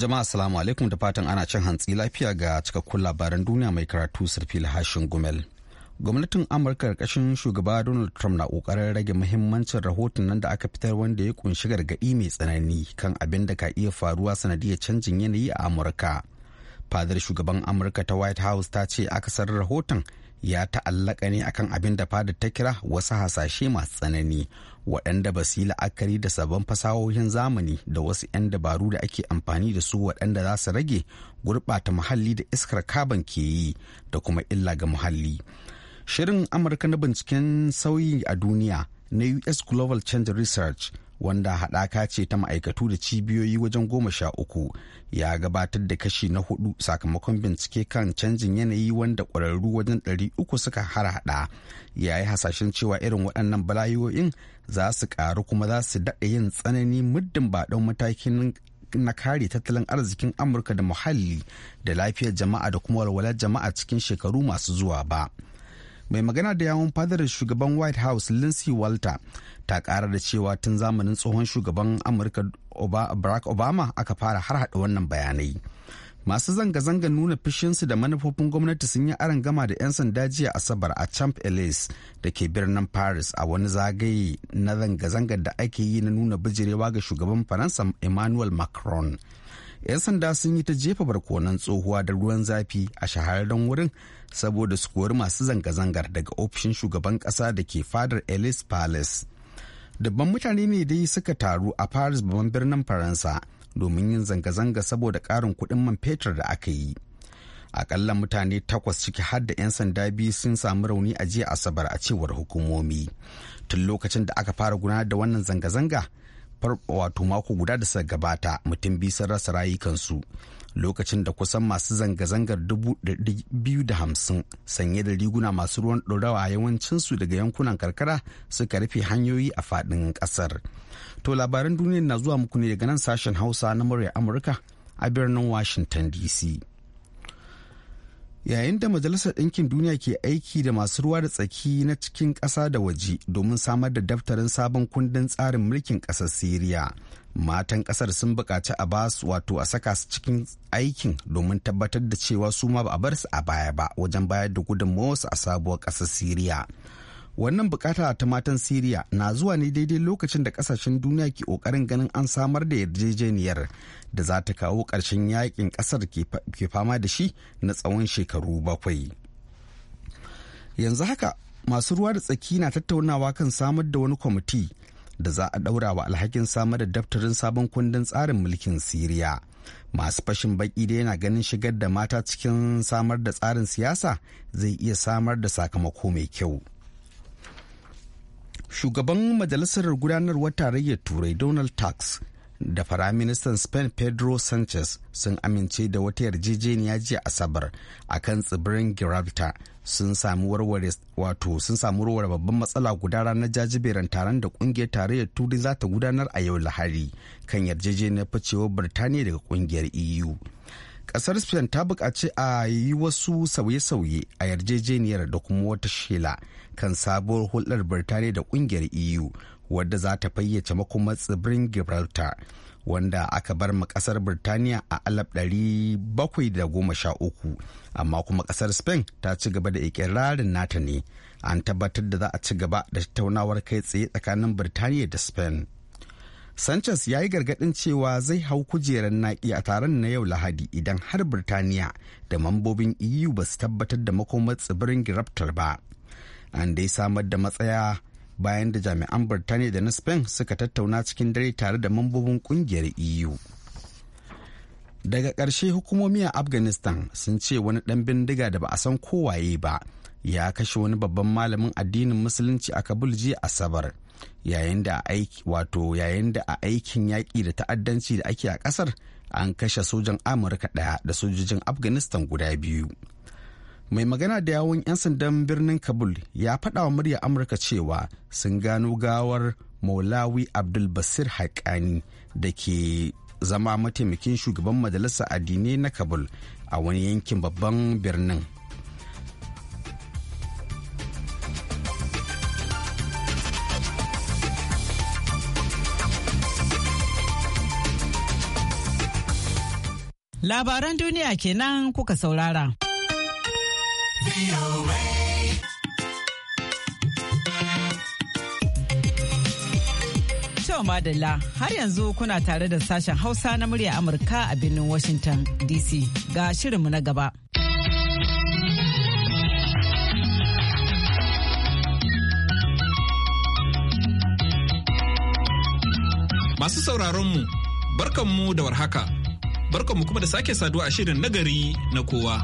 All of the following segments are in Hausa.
Jama'a salamu alaikum da fatan ana cin hantsi lafiya ga cikakkun labaran duniya mai karatu sirfil Hashin Gumel. Gwamnatin Amurka ƙarƙashin shugaba Donald Trump na ƙoƙarin rage muhimmancin rahoton nan da aka fitar wanda ya kunshi gargaɗi mai tsanani kan abin da ka iya faruwa sanadiyar canjin yanayi a Amurka. Fadar shugaban Amurka ta White House ta ce akasar rahoton ya ta'allaka ne akan abin da fada ta kira wasu hasashe masu tsanani waɗanda ba su yi la'akari da sabon fasahohin zamani da wasu 'yan dabaru da ake amfani da su waɗanda za su rage gurɓata muhalli da iskar kaban ke yi da kuma illa ga muhalli shirin amurka na binciken sauyi a duniya na us global change research wanda haɗaka ce ta ma'aikatu da cibiyoyi wajen goma sha uku ya gabatar da kashi na hudu sakamakon bincike kan canjin yanayi wanda kwararru wajen ɗari uku suka harhaɗa ya yi hasashen cewa irin waɗannan balayoyin za su ƙaru kuma za su daɗa yin tsanani muddin ba ɗan matakin na kare tattalin arzikin amurka da muhalli da lafiyar jama'a da kuma walwalar jama'a cikin shekaru masu zuwa ba. mai magana da yawon fadar shugaban white house lindsay walter ta kara da cewa tun zamanin tsohon shugaban amurka barack obama aka fara harhaɗa wannan bayanai masu zanga-zanga nuna fishinsu da manufofin gwamnati sun yi aron gama da 'yan sanda jiya asabar a champ elise da ke birnin paris a wani zagaye na zanga zanga da ake yi na nuna bijirewa ga shugaban faransa emmanuel macron 'yan sanda sun yi ta jefa barkonan tsohuwa da ruwan zafi a shahararren wurin saboda su kori masu zanga-zangar daga ofishin shugaban kasa da ke fadar Ellis Palace. Dabban mutane ne dai suka taru a Paris babban birnin Faransa domin yin zanga-zanga saboda ƙarin kuɗin man fetur da aka yi. Akalla mutane takwas ciki har da 'yan sanda biyu sun samu rauni a jiya Asabar a cewar hukumomi. Tun lokacin da aka fara gudanar da wannan zanga-zanga, wato mako guda da suka gabata mutum biyu sun rasa rayukansu lokacin da kusan masu zanga-zangar 250 sanye da riguna masu ruwan ɗorawa yawancinsu daga yankunan karkara suka rufe hanyoyi a faɗin ƙasar. To labaran duniya na zuwa muku ne daga nan sashen Hausa na murya Amurka a birnin Washington DC. Yayin da Majalisar Ɗinkin Duniya ke aiki da masu ruwa da tsaki na cikin ƙasa da waje domin samar da daftarin sabon kundin tsarin mulkin ƙasar Siriya. matan kasar sun bukaci a basu wato a saka su cikin aikin domin tabbatar da cewa su ma ba a bar su a baya ba wajen bayar da gudunmawarsu a sabuwar ƙasar siriya wannan bukata ta matan siriya na zuwa ne daidai lokacin da kasashen duniya ke kokarin ganin an samar da yarjejeniyar da za ta kawo ƙarshen yakin ƙasar ke fama da shi na tsawon shekaru bakwai yanzu haka masu ruwa da tsaki na tattaunawa kan samar da wani kwamiti da za a ɗaura wa alhakin samar da daftarin sabon kundin tsarin mulkin siriya masu fashin baki da yana ganin shigar da mata cikin samar da tsarin siyasa zai iya samar da sakamako mai kyau shugaban majalisar gudanarwar tarayyar turai donald tusk da Firaministan Spain Pedro Sanchez sun amince da wata yarjejeniya jiya Asabar a kan tsibirin Gibraltar sun samu warware wato sun samu warware babban matsala guda ranar jajiberin taron da kungiyar tarayyar Turi za ta gudanar a yau Lahari kan yarjejeniyar ficewar Birtaniya daga kungiyar EU. Kasar Spain ta buƙaci a yi wasu sauye-sauye a yarjejeniyar da kuma wata shela kan sabuwar hulɗar Birtaniya da kungiyar EU wadda za ta fayyace makomar tsibirin gibraltar wanda aka bar ma kasar birtaniya a alaf uku amma kuma kasar spain ta ci gaba da ikirarin nata ne an tabbatar da za a ci gaba da tattaunawar kai tsaye tsakanin birtaniya da spain Sanchez ya yi gargadin cewa zai hau kujerar naki a taron na yau Lahadi idan har Birtaniya da mambobin EU ba su tabbatar da makomar tsibirin gibraltar ba. An dai samar da matsaya bayan da jami'an Birtaniya da na Spain suka tattauna cikin dare tare da mambobin kungiyar EU. Daga ƙarshe hukumomi a Afghanistan sun ce wani ɗan bindiga da ba a san kowaye ba ya kashe wani babban malamin addinin musulunci a Kabul jiya Asabar. Yayin da aiki wato yayin da a aikin yaƙi da ta'addanci da ake a ƙasar an kashe sojan Amurka ɗaya da sojojin Afghanistan guda biyu. mai magana da yawon 'yan sandan birnin kabul ya faɗa wa murya amurka cewa sun gano gawar maulawi abdul basir haƙani da ke zama mataimakin shugaban majalisa addinai na kabul a wani yankin babban birnin labaran duniya kenan kuka saurara. Cewa Madalla har yanzu kuna tare da sashen Hausa na murya Amurka a birnin Washington DC ga shirinmu na gaba. Masu sauraronmu, barkanmu da warhaka, barkanmu kuma da sake saduwa a shirin nagari na kowa.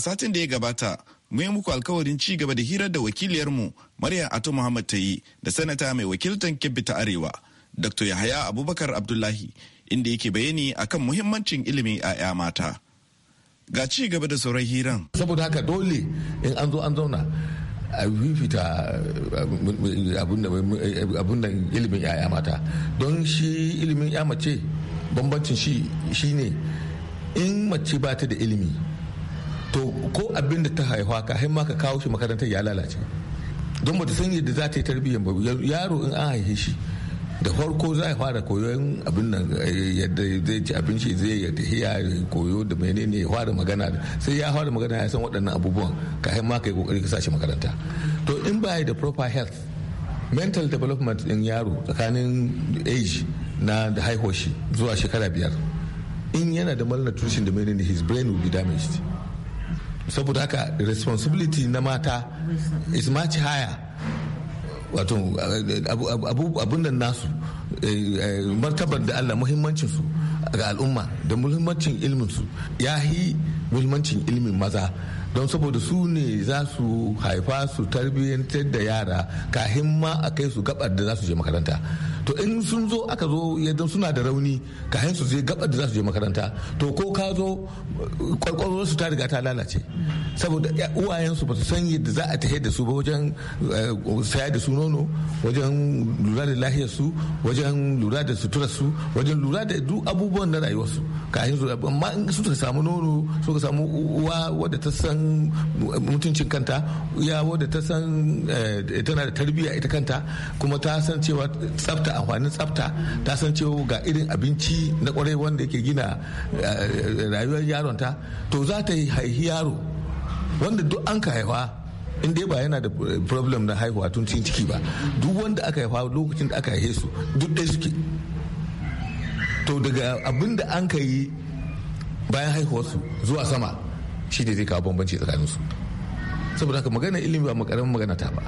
satin da ya gabata mun yi muku alkawarin ci gaba da hirar da wakiliyarmu Maryam Ato Muhammad ta yi da sanata mai wakiltan Kebbi ta Arewa, Dr. Yahaya Abubakar Abdullahi, inda yake bayani akan muhimmancin ilimin 'ya'ya mata. Ga ci gaba da sauran hiran. Saboda haka dole in an zo an zauna a fita abun da ilimin 'ya'ya mata don shi ilimin 'ya mace bambancin shi ne in mace ba ta da ilimi to ko abin da ta haihuwa ka ma ka kawo shi makarantar ya lalace don ba ta san yadda za ta yi tarbiyyar ba yaro in an haife shi da farko za a fara koyon abin nan eh, yadda zai ci abinci zai ya hiya koyo da menene ya fara magana sai ya fara magana ya san waɗannan abubuwan ka kafin ma yi kokari ka sa shi makaranta to in ba da proper health mental development din yaro tsakanin age na da haihuwa shi zuwa shekara biyar in yana da malnutrition da menene his brain will be damaged saboda haka responsibility na mata is much higher wato abun nasu eh, eh, martabar da allah muhimmancinsu ga al'umma da muhimmancin ilminsu ya yi muhimmancin ilmin maza don saboda su ne za su haifa su tarbiyyantar da yara kahin ma a kai su gabar da za su je makaranta to in sun zo aka zo yadda suna da rauni ka su zai gaba da za su je makaranta to ko ka zo kwakwalwar su ta riga ta lalace saboda uwayen su ba su san yadda za a tahe da su ba wajen eh, saya da su nono wajen lura da lahiyar su wajen lura da suturar su wajen lura da duk abubuwan na rayuwar su ka su amma in ta samu nono ka samu uwa wadda ta san mutuncin kanta ya wadda ta san eh, tana da tarbiyya ita kanta kuma ta san cewa tsafta da amfanin tsafta ta san cewa ga irin abinci na kwarai wanda yake gina eh, eh, rayuwar yaron ta to za ta haihi yaro wanda duk an ka haifa in dai ba yana da eh, problem na haihuwa tun cikin ciki ba duk wanda aka haifa lokacin da aka haife su duk dai suke to daga abin da an ka yi bayan haihuwarsu zuwa sama shi ne zai kawo bambanci tsakaninsu saboda haka magana ilimi ba karamin magana ta ba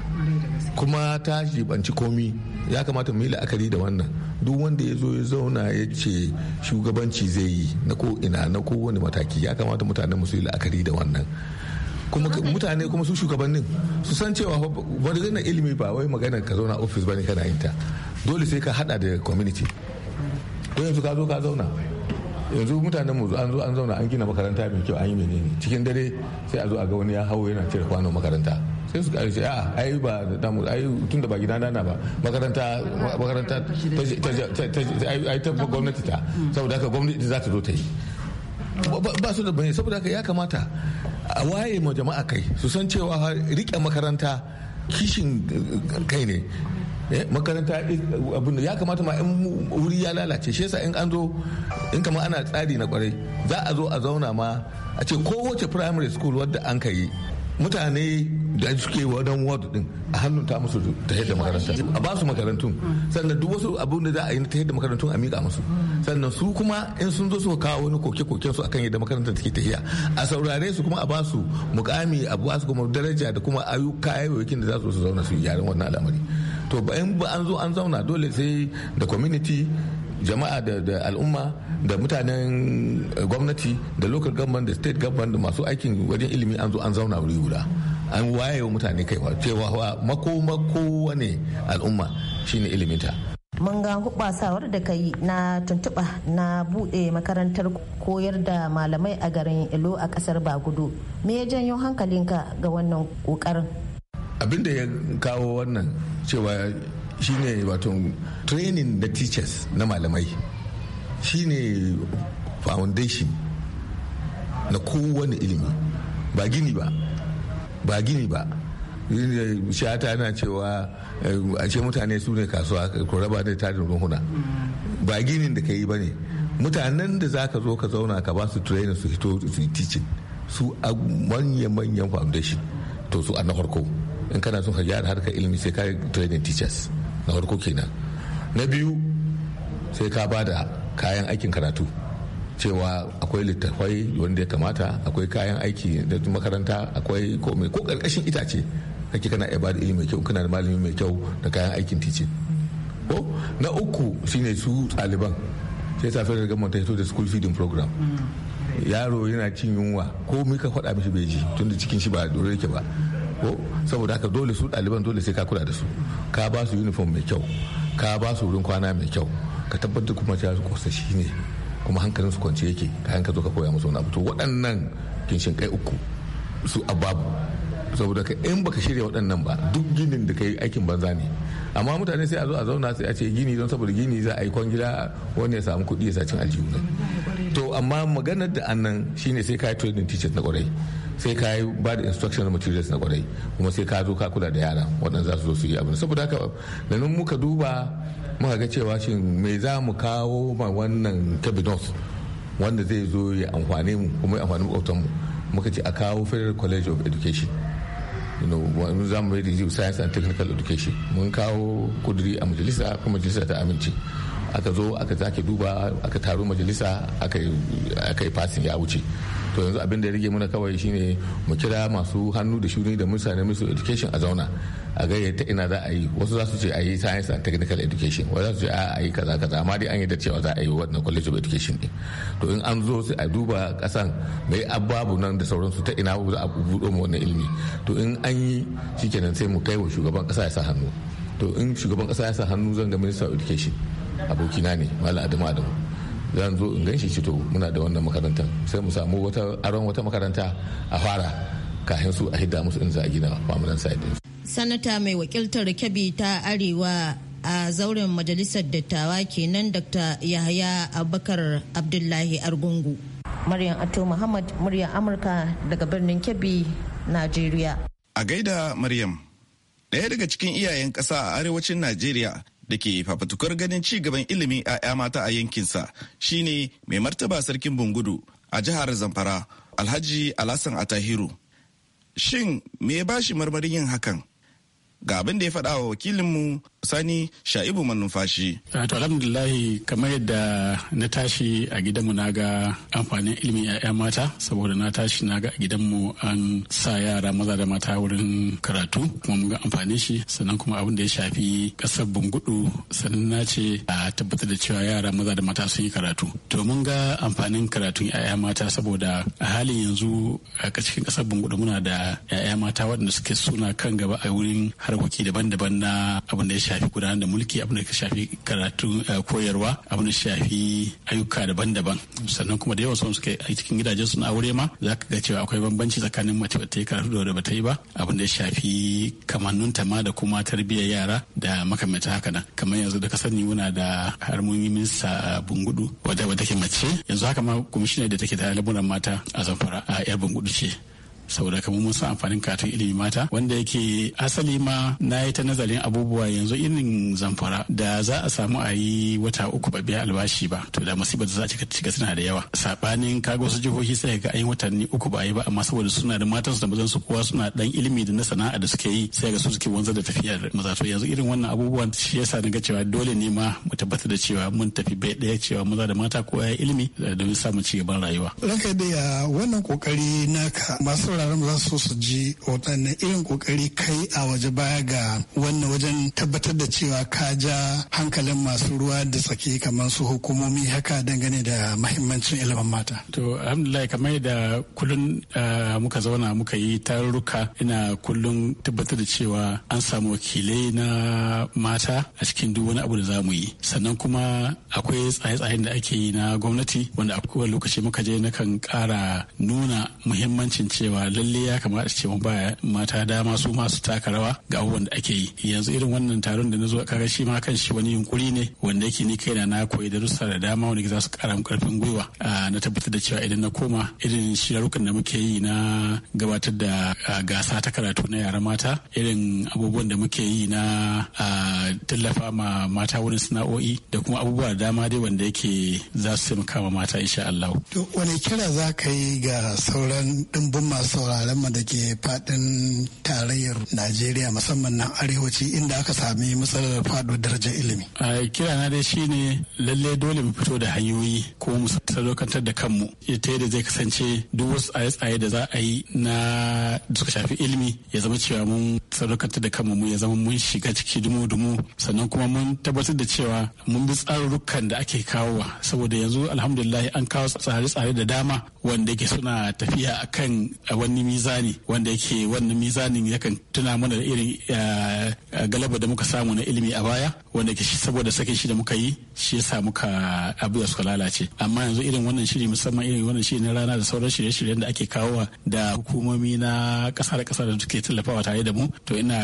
kuma ta jibanci komi ya kamata mu yi la'akari da wannan duk wanda ya zo ya zauna ya ce shugabanci zai yi na ko ina na kowane mataki ya kamata mutane mu su yi la'akari da wannan kuma mutane kuma su shugabannin su san cewa wani ilimi ba wai magana ka zauna ofis ba ne kana yin ta dole sai ka hada da community don yanzu ka zo ka zauna yanzu mutanen mu an zo an zauna an gina makaranta mai kyau an yi menene cikin dare sai a zo a ga wani ya hawo yana cire kwanon makaranta sai su ƙarshe a ah, ai ba da mu ai tun da ba gida na ba makaranta makaranta ai ta gwamnati ta saboda haka gwamnati za ta zo ta yi ba su da bane saboda haka ya kamata a waye ma jama'a kai su san cewa rike makaranta kishin kai ne eh, makaranta eh, abin ya kamata ma in wuri ya lalace shi yasa in an zo in kama ana tsari na kwarai za a zo a zauna ma a ce kowace primary school wadda an ka yi mutane da suke wadan ward din a hannun ta musu ta yadda makaranta a ba su makarantun sannan duk wasu abin da za a yi ta yadda makarantun a miƙa musu sannan su kuma in sun zo su kawo wani koke-koken su akan yadda makarantar take tafiya a saurare su kuma a ba su mukami a ba su kuma daraja da kuma ayyuka yayin da za su zauna su yi yaran wannan al'amari to ba in ba an zo an zauna dole sai da community jama'a da al'umma da mutanen eh, gwamnati da local government da state government da masu aikin wajen ilimi an zo an zauna wuri guda an wayewa mutane kaiwa cewa mako mako wane al'umma shine iliminta mun ga hubasawar da kai na tuntuɓa na buɗe makarantar koyar da malamai a garin ilo a ƙasar bagudu me ya janyo hankalinka ga wannan ƙoƙarin abin da ya kawo wannan cewa shine wato training na teachers na malamai shine foundation na kowane ilimi ba gini ba ba gini ba shata yana cewa eh, a ce mutane su ne kasuwa ku raba da tarin ruhuna ba ginin da ka yi ba ne mutanen da za ka zo ka zauna ka ba su training su hito su yi teaching su a manyan-manyan foundation to su a na farko in kana son ka gyara harkar ilimi sai ka training teachers na farko kenan na biyu sai ka ba da kayan aikin karatu cewa akwai littafai wanda ya kamata akwai kayan aiki da makaranta akwai komai ko karkashin itace kake kana iya bada ilimi mai kyau kana da malami mai kyau da kayan aikin tice ko na uku shine su ɗaliban sai safiyar da ta hito da school feeding program mm. yaro yana cin yunwa ko ka faɗa mishi bai ji tun da cikin shi ba dore yake ba ko saboda haka dole su ɗaliban dole sai ka kula da su ka ba su uniform mai kyau ka ba su wurin kwana mai kyau ka tabbatar kuma cewa su kosa ne kuma hankalin su kwance yake kayan ka zo ka koya musu wani abu to waɗannan kinshin kai uku su ababu saboda ka in baka shirya waɗannan ba duk ginin da kai aikin banza ne amma mutane sai a zo a zauna sai a ce gini don saboda gini za a yi kwangila wani ya samu kuɗi ya sacin aljihu ne to amma maganar da annan shine sai ka yi training teachers na kwarai sai ka yi ba da instructional materials na kwarai kuma sai ka zo ka kula da yara waɗanda za su zo su yi abin saboda haka da nan muka duba muka ga cewa shin me za mu kawo ma wannan cabinet wanda zai zo ya amfane mu kuma ya amfani mu muka ce a kawo federal college of education wani za mu yi science and technical education mun kawo kuduri a majalisa kuma majalisa ta amince aka zo aka sake duba aka taru majalisa aka yi fasin ya wuce to yanzu abin da ya rage kawai shine mu kira masu hannu da shuni da da musu education a zauna a ga ta ina za a yi wasu za su ce a yi science and technical education wasu za su ce a yi kaza kaza amma dai an yi da cewa za a yi wannan college of education din to in an zo sai a duba kasan mai ababu nan da sauransu ta ina za a buɗo mu wannan ilimi to in an yi shikenan sai mu kai wa shugaban kasa ya sa hannu to in shugaban kasa ya sa hannu zan ga minister of education abokina ne mala adamu adamu zan zo in ganshi cito muna da wannan makarantar sai mu samu wata aron wata makaranta a fara kafin su a hidda musu in za a gina permanent side sanata mai wakiltar kebbi ta arewa a zauren majalisar dattawa kenan dr yahaya abubakar abdullahi argungu maryam ato muhammad muryar amurka daga birnin kebbi nigeria. a gaida maryam Daya daga cikin iyayen kasa a arewacin Najeriya da ke fafatukar ganin ci gaban ilimin 'ya'ya mata a yankinsa shine mai martaba sarkin bungudu a jihar zamfara alhaji alasan atahiru shin me ya bashi marmarin yin hakan ga abin da ya faɗa wa wakilinmu Sani Sha'ibu Manumfashi. wato ah, alhamdulillahi kamar yadda na tashi a gidanmu na ga amfanin ilimin 'ya'ya mata saboda na tashi na ga a gidanmu an sa yara maza da mata wurin karatu kuma mun ga amfanin shi sannan kuma abin da ya shafi kasar bungudu sannan na ce a tabbatar da cewa yara maza da mata sun yi karatu. To mun ga amfanin karatun 'ya'ya mata saboda a halin yanzu a cikin kasar bungudu muna da 'ya'ya mata waɗanda suke suna kan gaba a wurin harkoki daban-daban na abin da ya shafi shafi gudanar da mulki abin da ka shafi karatu eh, koyarwa abu da shafi ayyuka daban-daban sannan kuma da yawa sun suka a cikin gidajen su na aure ma za ka ga cewa akwai bambanci tsakanin mace ba ta yi karatu da wadda ba ta yi ba abu da shafi kamannun ta ma da kuma tarbiyyar yara da makamata haka nan kamar yanzu da ka sani muna da min sa bungudu wadda wadda take mace yanzu haka ma kwamishinar da take da lamuran mata a zamfara a yar bungudu ce saboda kamar mun san amfanin katon ilimi mata wanda yake asali ma na yi ta nazarin abubuwa yanzu irin zamfara da za a samu a yi wata uku ba biya albashi ba to da musibar za a cika cika suna da yawa sabanin kaga wasu jihohi sai ga ayin watanni uku ba yi ba amma saboda suna da matan su da mazan su kowa suna dan ilimi da na sana'a da suke yi sai ga su suke wanzar da tafiya maza to yanzu irin wannan abubuwan shi yasa na ga cewa dole ne ma mu tabbatar da cewa mun tafi bai daya cewa maza da mata kowa ya ilimi domin samun ci gaban rayuwa ranka da wannan kokari naka masu sauraron za su su ji waɗannan irin kokari kai a waje baya ga wannan wajen tabbatar da cewa ka ja hankalin masu ruwa da tsaki kamar su hukumomi haka dangane da mahimmancin ilimin mata. To alhamdulillah kamar da kullum ah, muka zauna muka yi tarurruka ina kullum tabbatar da cewa an samu wakilai na mata a cikin duk wani abu da za mu yi sannan kuma akwai tsaye-tsayen da ake yi na gwamnati wanda a lokaci muka je nakan kara nuna muhimmancin cewa lalle ya kamata ce mu ba mata dama su masu taka rawa ga abubuwan da ake yi yanzu irin wannan taron da na zo kaga shi ma kan shi wani yunkuri ne wanda yake ni kaina na koyi darussa da dama wanda za su kara mu karfin gwiwa na tabbatar da cewa idan na koma irin shirarrukan da muke yi na gabatar da gasa ta karatu na yara mata irin abubuwan da muke yi na tallafa ma mata wurin sana'o'i da kuma abubuwa da dama dai wanda yake za su taimaka ma mata insha Allah. To wani kira za ka yi ga sauran dimbin masu sauraron mu da ke fadin tarayyar Najeriya musamman na arewaci inda aka sami matsalar fado darajar ilimi. A kira na dai shine lalle dole mu fito da hanyoyi ko mu sadaukantar da kanmu ita yadda zai kasance duk wasu tsaye da za a yi na suka shafi ilimi ya zama cewa mun sadaukantar da kanmu mu ya zama mun shiga ciki dumo-dumo sannan kuma mun tabbatar da cewa mun bi tsarurrukan da ake kawowa saboda yanzu alhamdulillah an kawo tsare-tsare da dama wanda ke suna tafiya akan wani mizani wanda yake wannan mizanin yakan tuna mana da irin eh, eh, galaba da muka samu na ilimi a baya wanda ke saboda sakin shi da muka yi shi yasa muka da suka lalace amma yanzu irin wannan shiri musamman irin wannan shiri na rana da sauran shirye-shiryen da ake kawo da hukumomi na kasa da kasa da suke tallafawa tare da mu to ina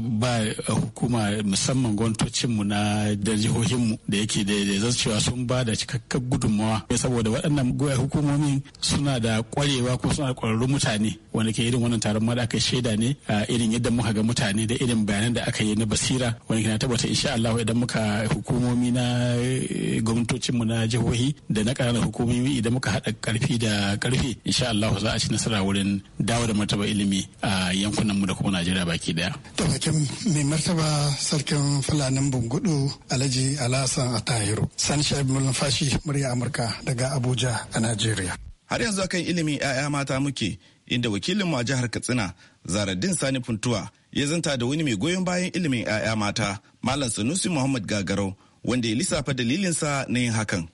ba hukuma musamman gwamnatocinmu na da jihohinmu da yake da zan cewa sun ba da cikakken gudunmawa saboda waɗannan goya hukumomin suna da kwarewa ko suna da ƙwararru mutane wanda ke irin wannan taron ma da aka shaida ne a irin yadda muka ga mutane da irin bayanan da aka yi na basira wanda na tabbata insha Allah idan muka hukumomi na eh, gwamnatocinmu na jihohi da na ƙananan hukumomi idan muka haɗa ƙarfi da ƙarfi insha Allah za a ci nasara wurin dawo da martaba ilimi a yankunanmu da kuma Najeriya baki ɗaya. sarkin mai martaba sarkin fulanin bungudu alhaji a atahiru sani shaib mulfashi murya amurka daga abuja a najeriya har yanzu akan ilimin 'ya'ya mata muke inda wakilin mu a jihar katsina zaradin sani funtuwa ya zanta da wani mai goyon bayan ilimin 'ya'ya mata malam sanusi muhammad gagarau wanda ya lissafa dalilinsa na yin hakan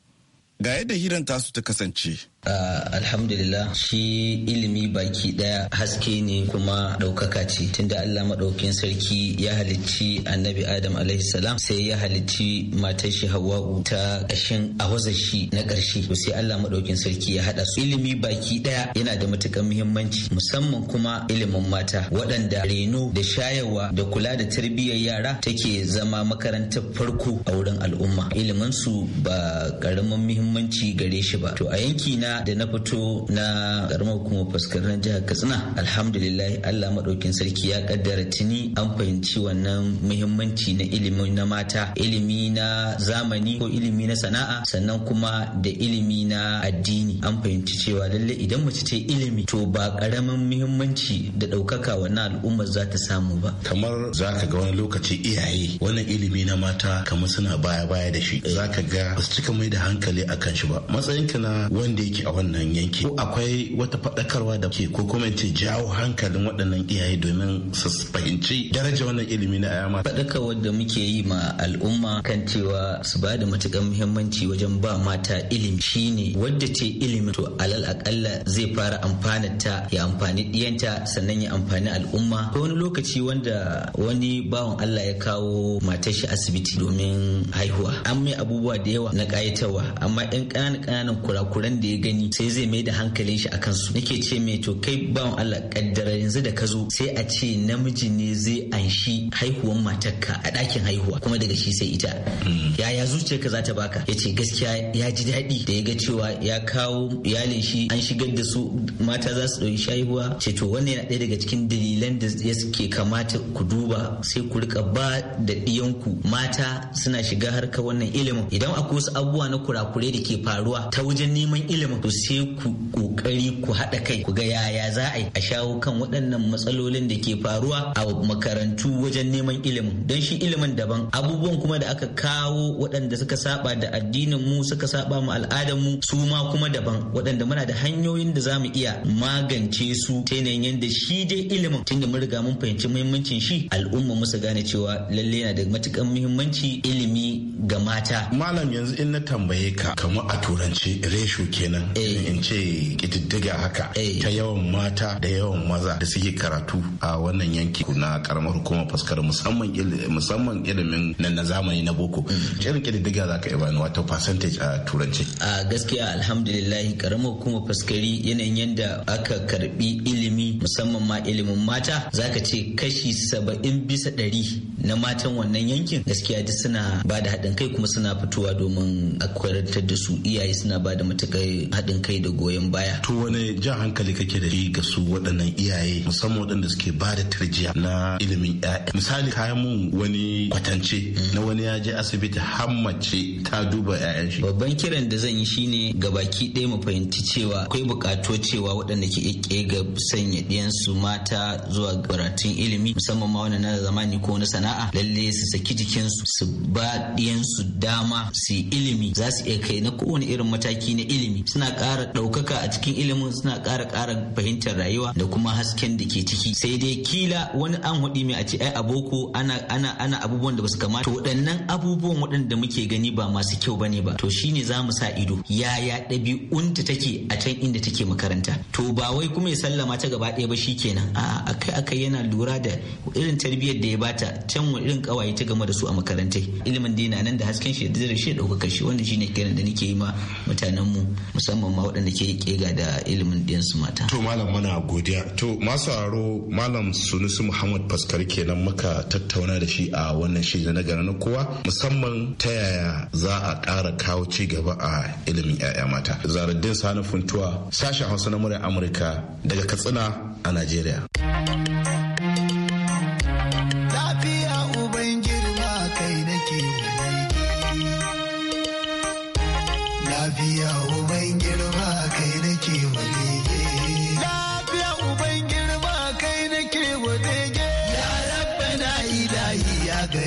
ga yadda hiran tasu ta kasance Ah, alhamdulillah shi ilimi baki daya haske ne kuma ɗaukaka ce tunda Allah maɗaukin sarki ya halicci annabi Adam alaihi salam sai ya halicci matar shi Hauwa ta ƙashin a shi na ƙarshe to sai Allah maɗaukin sarki ya haɗa su ilimi baki daya yana da matuƙar muhimmanci musamman kuma ilimin mata waɗanda reno da shayarwa da kula da tarbiyyar yara take zama makarantar farko a wurin al'umma ilimin su ba ƙaramin muhimmanci gare shi ba to a yankina. da na fito na karamar hukumar faskarin jihar katsina alhamdulillah allah maɗaukin sarki ya kaddara tuni an fahimci wannan muhimmanci na ilimi na mata ilimi na zamani ko ilimi na sana'a sannan kuma da ilimi na addini an fahimci cewa lalle idan mace ce ilimi to ba karamin muhimmanci da ɗaukaka wannan al'umma za ta samu ba kamar za ka ga wani lokaci iyaye wannan ilimi na mata kamar suna baya baya da shi za ka ga ba su cika mai da hankali akan shi ba matsayinka na wanda yake muhimmanci a wannan yanki akwai wata faɗakarwa da ke ko kuma ce jawo hankalin waɗannan iyaye domin su fahimci daraja wannan ilimi na ayama faɗakarwar da muke yi ma al'umma kan cewa su ba da matuƙar muhimmanci wajen ba mata ilimi shine wadda ce ilimi to alal akalla zai fara amfana ta ya amfani ɗiyanta sannan ya amfani al'umma ko wani lokaci wanda wani bawan Allah ya kawo matar shi asibiti domin haihuwa an mai abubuwa da yawa na ƙayatarwa amma 'yan ƙananan ƙananan kurakuran da ya gani sai zai mai da hankalin shi akan su nake ce mai to kai bawan Allah kaddara yanzu da ka zo sai a ce namiji ne zai anshi haihuwan matarka a ɗakin haihuwa kuma daga shi sai ita mm. yaya ka za ta baka ya ce gaskiya ya ji daɗi da ya ga cewa ya kawo iyalin shi an shigar da su mata za su ɗauki haihuwa ce to wannan yana ɗaya daga cikin dalilan da ya suke kamata ku duba sai ku rika ba da ɗiyanku mata suna shiga harkar wannan ilimin idan akwai wasu abubuwa na kurakure da ke faruwa ta wajen neman ilimin Ku sai ku kokari ku haɗa kai ku ga yaya za a yi a shawo kan waɗannan matsalolin da ke faruwa a makarantu wajen neman ilimin don shi ilimin daban abubuwan kuma da aka kawo waɗanda suka saba da addinin mu suka saba mu al'adar mu su ma kuma daban waɗanda muna da hanyoyin da zamu iya magance su ta yanayin yadda shi dai ilimin tunda mun riga mun fahimci muhimmancin shi al'umma mu su gane cewa lalle yana da matukan muhimmanci ilimi ga mata malam yanzu in na tambaye ka kamar a turanci reshu kenan Eh. in ce kididdiga haka eh. ta yawan mata da yawan maza da suke karatu a wannan yanki na karamar hukumar fuskar musamman musamman ilimin nan na zamani na boko mm. irin kididdiga za ka ibani wato percentage a turanci a gaskiya alhamdulillah karamar hukumar fuskari yanayin yadda aka karbi ilimi musamman ma ilimin mata zaka ce kashi saba'in bisa ɗari na matan wannan yankin gaskiya duk suna ba da haɗin kai kuma suna fitowa domin a kwarantar da su iyaye suna ba da matakai haɗin kai da goyon baya. To wani jan hankali kake da shi ga su waɗannan iyaye musamman waɗanda suke ba da tarjiya na ilimin ƴaƴa. Misali kayan mun wani kwatance mm. na wani ya je asibiti hammace ta duba ƴaƴan shi. Babban kiran da zan yi shine baki ɗaya mu fahimci cewa akwai buƙatu cewa waɗanda ke ga sanya ɗiyansu mata zuwa karatun ilimi musamman ma wannan na zamani ko na sana'a lalle su saki jikinsu su ba ɗiyansu dama su ilimi za su iya kai na kowane irin mataki na ilimi suna suna ƙara ɗaukaka a cikin ilimin suna kara kara fahimtar rayuwa da kuma hasken da ke ciki sai dai kila wani an hudi mai a ce ai aboko ana ana ana abubuwan da basu kamata waɗannan abubuwan waɗanda muke gani ba masu kyau bane ba to shine za mu sa ido yaya ɗabi'unta take a can inda take makaranta to ba wai kuma ya sallama ta gaba ɗaya ba shikenan a akai akai yana lura da irin tarbiyyar da ya bata can wani irin kawaye ta game da su a makarantai ilimin dina nan da hasken shi da zai shi ɗaukaka shi wanda shine kenan da nake yi ma mutanen mu musamman musamman ma waɗanda ke kega da ilimin ɗiyansu mata. To malam mana godiya. To masu aro malam Sunusi Muhammad Faskar kenan muka tattauna da shi a wannan shirin na gari na kowa musamman ta yaya za a ƙara kawo ci gaba a ilimin 'ya'ya mata. zaraddin Sani Funtuwa sashen Hausa na murar Amurka daga Katsina a Najeriya.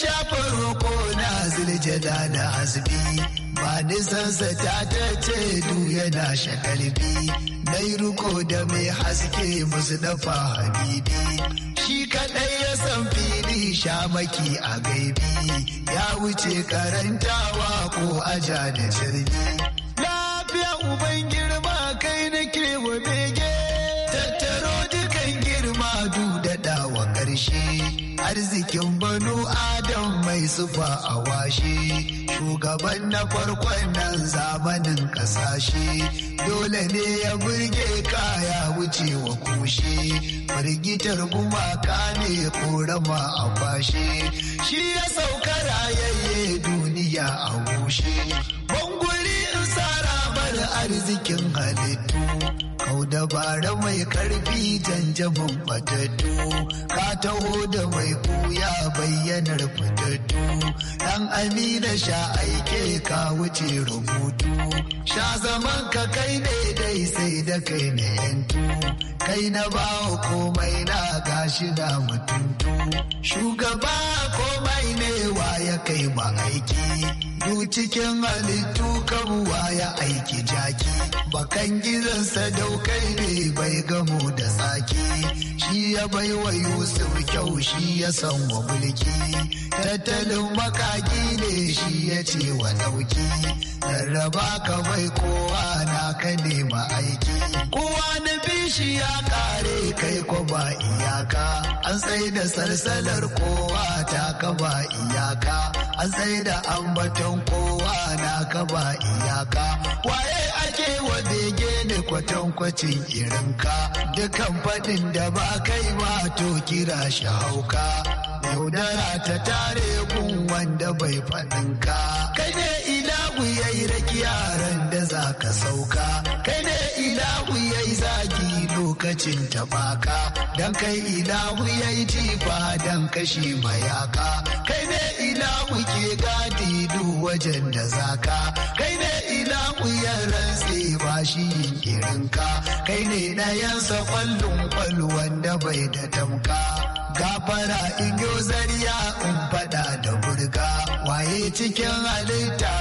shafa roko na ziljada da azubi ba nisansa ta ta ce du yana shakalbi na yi ruko da mai haske musu dafa habibi shi kaɗai ya san fili shamaki a gaibi ya wuce karantawa ko aja da jirgi lafiya ubangi zuba a washe shugaban na farkon nan zamanin kasashe dole ne ya burge kaya wucewa kushe firgitar gumaka ne korama a kwashe shi ya sauka rayayye duniya a bushe da arzikin halittu kau dabara mai karfi janjabin fatattu ka taho da mai kuya bayyanar fatattu dan amina sha aike ka wuce rubutu sha zaman ka kai daidai sai da kai na yantu kai na bawa komai na gashi da mutuntu shugaba komai ne wa ya kai ma aiki du cikin halittu kabuwa ya aiki jaki bakan gizansa daukai ne bai gamo da tsaki shi ya bai wa yusuf kyau shi ya san wa mulki tattalin makaki ne shi ya ce wa dauki rarraba ka bai kowa na ka nema aiki kowa na bishi ya kare kai ko ba iyaka an sai da salsalar kowa ta ka ba iyaka an tsaye da ambaton kowa na kaba iyaka waye ake wa bege ne kwatankwacin irinka dukan faɗin da ba kai ba to kira shi hauka yaudara ta tare kun wanda bai faɗinka kai ne ilahu yayi raki yaran da za ka sauka lokacin tabaka dan kai ilahu ya yi jifa dan kashi mayaka kai ne ilahu ke gadi duk wajen da zaka kai ne ilahu ya rantse ba shi kirinka kai ne ɗayansa kwallon kwal wanda bai da tamka gafara in zariya in faɗa da burga waye cikin halitta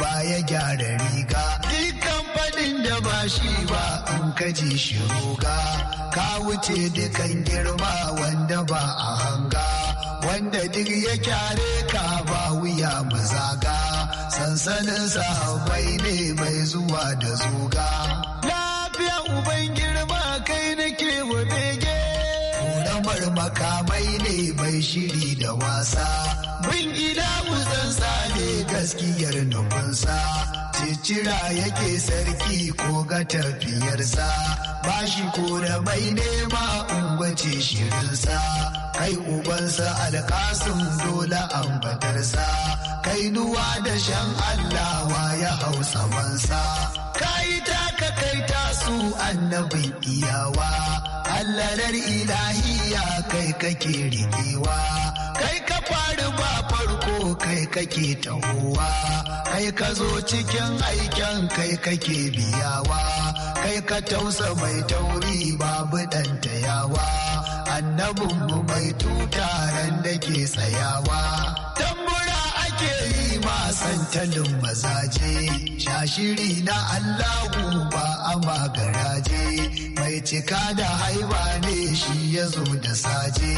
ba ya gyara riga ba shi ba an kaji shi roga ka wuce dukan girma wanda ba a hanga wanda duk ya kyare ka ba wuya mazaga sansanin sahabbai ne mai zuwa da zuga lafiya uban girma kai nake wa bege ramar makamai ne mai shiri da wasa bin gida wuzansa ne gaskiyar nufinsa cicira yake sarki ko ga tafiyarsa ba shi ko da bai nema ungwace shirinsa kai ubansa alkasim dole ambatarsa kai duwa da shan allawa ya hau samansa kai ka kai su annabin iyawa allarar ilahiya kai kake rigewa kai ka faru ba farko kai kake tahowa kai ka zo cikin aikin kai kake biyawa kai ka tausa mai tauri babu annabin annabinmu mai tutaren da ke tsayawa san mazaje shashiri na allahu ba ama garaje mai cika da haiba ne shi ya zo da saje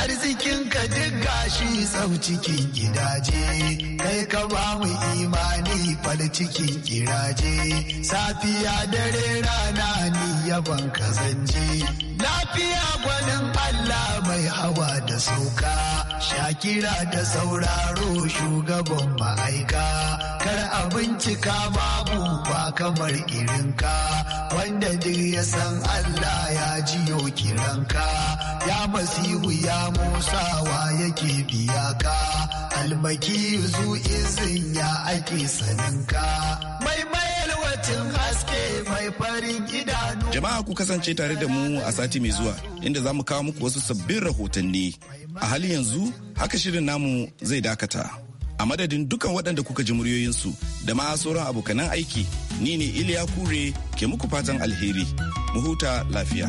arzikin ka duk gashi tsau cikin gidaje kai ka ba mu imani fal cikin kiraje safiya dare rana ni yaban ka Lafiya gwanin Allah mai hawa da sauka, Shakira da sauraro shugaban ma'aika, kar a bincika babu ba kamar irinka, wanda duk ya san Allah ya jiyo kiranka, ya masihu ya musa wa yake biya ka, almaki zu izin ya ake saninka. Jama'a ku kasance tare da mu a sati mai zuwa inda za mu kawo muku wasu sabbin rahotanni. A halin yanzu haka shirin namu zai dakata. A madadin dukan waɗanda kuka ji muryoyinsu da ma sauran abokanan aiki, ni ne Iliya Kure ke muku fatan alheri. Mu huta lafiya.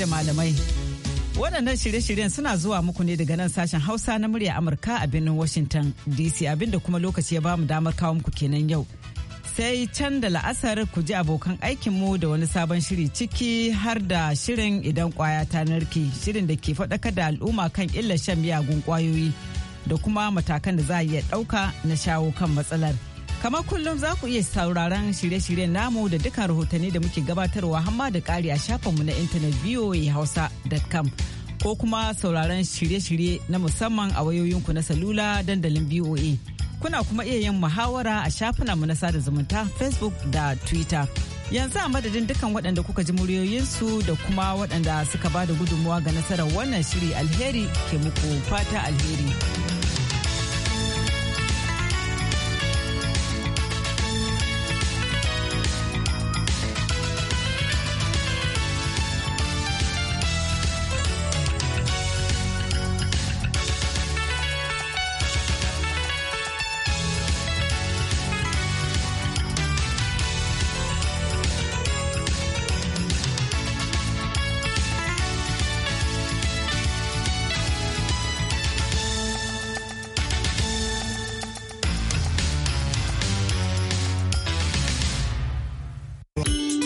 da malamai. Waɗannan shirye-shiryen suna zuwa muku ne daga nan sashen Hausa na murya Amurka a birnin Washington DC abinda kuma lokaci ya bamu damar kawo muku kenan yau. Sai can da la'asar ku ji abokan aikinmu da wani sabon shiri ciki har da shirin idan kwaya ta narke shirin da ke faɗaka da al'umma kan illar shan miyagun kwayoyi da kuma matakan da za a iya ɗauka na shawo kan matsalar. Kamar kullum za ku iya sauraron shirye-shiryen namu da dukkan rahotanni da muke gabatarwa hamma da ƙari a shafinmu na intanet voahausa.com ko kuma sauraron shirye-shirye na musamman a wayoyinku na salula dandalin VOA. Kuna kuma iya yin muhawara a shafinanmu na sada zumunta Facebook da Twitter. Yanzu a madadin dukkan waɗanda kuka ji muryoyinsu da kuma waɗanda suka ba da gudunmuwa ga nasarar wannan shiri alheri ke muku fata alheri.